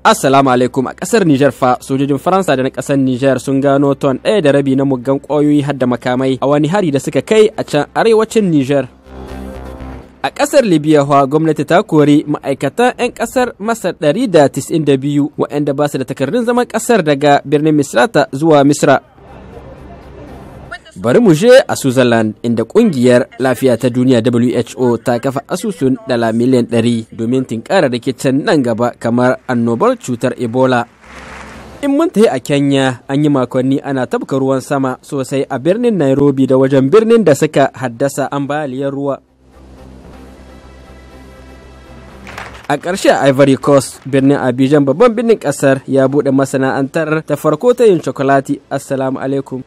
Assalamu alaikum a kasar Nijar fa sojojin Faransa da na kasar Nijar sun gano ton ɗaya da rabi na muggan ƙwayoyi hadda makamai a wani hari da suka kai a can arewacin Nijar. A kasar Libya wa gwamnati ta kori ma'aikatan 'yan kasar Masar ɗari da 192 waɗanda ba su da takardun zaman kasar daga birnin Misrata zuwa Misra Bari mu je a Switzerland inda kungiyar lafiya ta duniya WHO ta kafa asusun dala miliyan 100 domin tinkara rikicin nan gaba kamar annobar cutar Ebola. In mun tafi a Kenya an yi makonni ana tabka ruwan sama sosai a birnin Nairobi da wajen birnin da suka haddasa ambaliyar ruwa. a ƙarshe ivory coast birnin abijan babban birnin ƙasar ya buɗe masana'antar ta farko ta yin cokolati assalamu alaikum